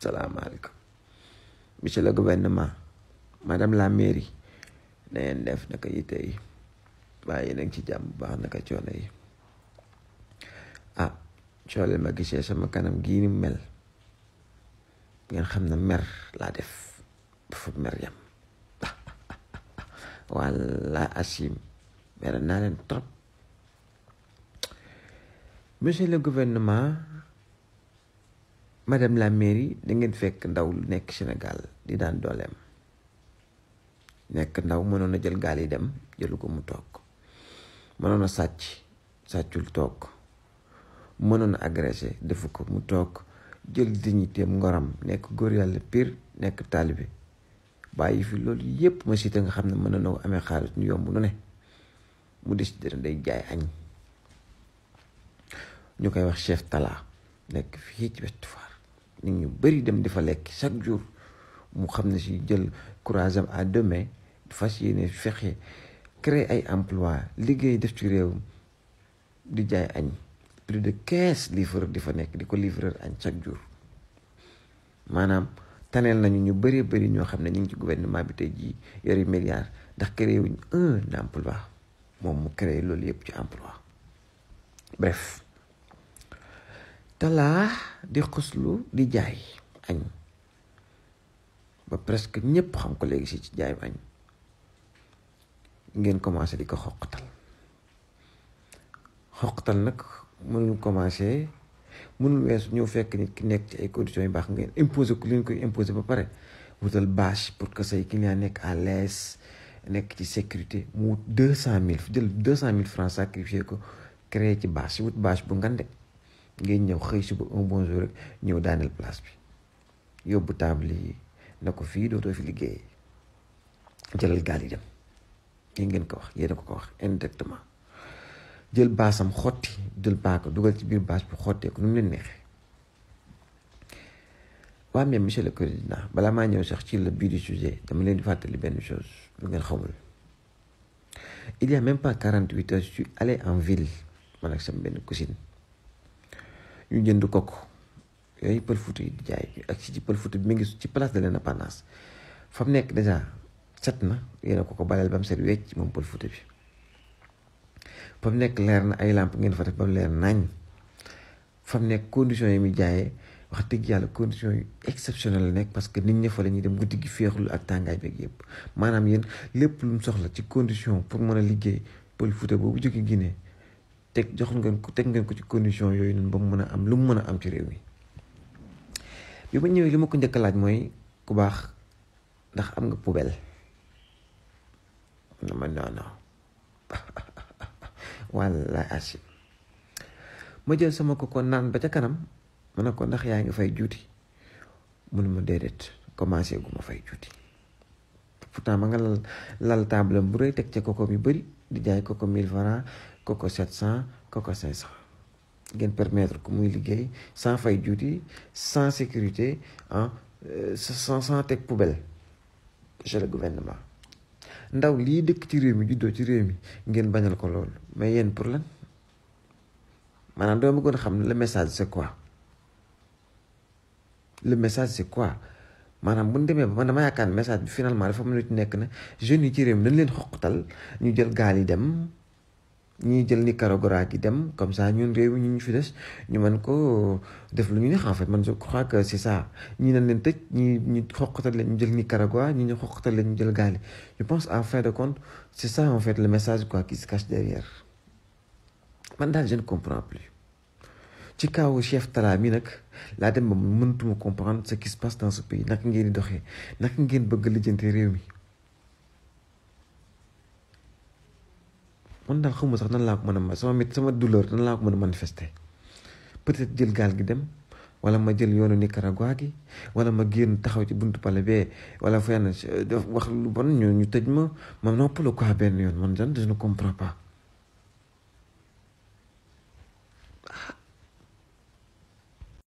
salaamaaleykum monsieur la gouvernement madame la mairie na ngeen def naka yitte yi waaye yéen ci jàmm bu baax naka coono yi ah soo leen ma gisee sama kanam gii ni mel ngeen xam na mer laa def ba mer yam walla asim mer naa leen trop monsieur le gouvernement madame la mairie dangeen fekk ndaw lu nekk Sénégal di daan dooleem nekk ndaw mënoon a jël gaal yi dem jëlu ko mu toog mënoon a sàcc sàccul toog mënoon a agressé defu ko mu toog jël dignitéem ngoram nekk góor yàlla piir nekk taalibe bàyyi fi loolu yépp ma sita nga xam ne mën na ko amee xaalis ñu yomb nu ne mu décidé na day jaay añ ñu koy wax chef tala nekk fii nit ñu bëri dem di fa lekk chaque jour mu xam ne si jël courage am à deux mains fas yéene fexe créer ay emploi liggéey def ci réew di jaay añ pris de quinze livreur di fa nekk di ko livreur añ chaque jour maanaam taneel nañu ñu bëree bëri ñoo xam ne ñu ngi ci gouvernement bi tey jii yori milliards ndax créé wuñ emploi moom mu créé loolu yëpp ci emploi bref talaax di xuslu di jaay añ ba presque ñëpp xam ko léegi si ci jaay añ ngeen commencé di ko xoqtal xoqtal nag mënul commencé mënul weesu ñëw fekk nit ki nekk ci ay conditions yu baax ngeen imposé ku li ñu koy imposé ba pare wutal bâche pour que say client nekk à l'aise nekk ci sécurité mu wut deux cent mille jël deux cent mille francs sacrifié ko créé ci bâche wut bâche bu ngande ngay ñëw xëy suba un bon jour rek ñëw daaneel place bi yóbbu table yi na ko fii dootoo fi liggéey jëlal gaal yi dem yéen ngeen ko wax yéen ko ko wax indirectement jël baasam xotti jël paaka dugal ci biir baas bu xottee ko nu mu leen neexee waa mais monsieur le président balaa maa ñëw sax ci le biir du sujet dama leen di fàttali benn chose lu ngeen xamul il y a même pas 48 heures su suis allé en ville man ak sama benn cousine ñu jënd kokk yooyu pël Fuuta yi di jaay ak si ci pël Fuuta bi mi ngi ci place de l'indépendance fa mu nekk dèjà set na yéen a ko ko baleel ba mu set wecc moom pël Fuuta bi fa mu nekk leer na ay làmp ngeen fa def ba mu leer nañ fa mu nekk conditions yi muy jaayee wax dëgg yàlla conditions yu exceptionnelles la nekk parce que nit ñi fa la ñuy dem guddi gi féexlu ak tàngaay beeg yëpp maanaam yéen lépp lu mu soxla ci condition pour mën a liggéey pël Fuuta boobu jóge Guinée teg jox ngeen ko teg ngeen ko ci condition yooyu noonu ba mu mën a am lu mu mën a am ci réew mi bi ma ñëwee li ma ko njëkk laaj mooy ku baax ndax am nga poubelle na ma non non wallaay asi ma jël sama ko ko naan ba ca kanam ma ne ko ndax yaa ngi fay juuti mun ma déedéet commencé gu ma fay juuti pourtant ma nga lal lal bu rëy teg ca koko yu bari di jaay koko mille francs coco 700 coco 500 ngeen permettre ku muy liggéey sans fay juuti sans sécurité hein, euh, sans sans teg poubelle chez le gouvernement ndaw li dëkk ci réew mi do ci réew mi ngeen bañal ko loolu mais yéen pour lan maanaam dama gën xam le message c'est quoi le message c'est quoi manam buñ démé ba man dama yaakaar message bi finalement dafa am lu ci nekk na jeune yi ci réew mi dañ leen xoqatal ñu jël gaal yi dem ñuy jël ni Karagora gi dem comme ça ñun réew mi ñu fi des ñu mën ko def lu ñu neex en fait man je crois que c'est ça ñi nañ leen tëj ñi ñu xoqatal leen ñu jël ni Karagora ñi ñu xoqatal leen ñu jël gaali je pense en fin de compte c'est ça en fait le message quoi qui se cache derrière man daal je ne comprends plus ci kaw chef Talla mi nag laa dem ba mëntuma comprendre ce qui se passe dans ce pays naka ngeen di doxee naka ngeen bëgg lijjanti réew mi man daal xawma sax nan laa ko mën a ma sama mit sama douleur nan laa ko mën a manifester peut-être jël gaal gi dem wala ma jël yoonu Nicaragua gi wala ma génn taxaw ci buntu pale bee wala fenn euh, wax lu bon ñu ñu tëj ma ma noppalu quoi benn yoon man jan je ne comprends pas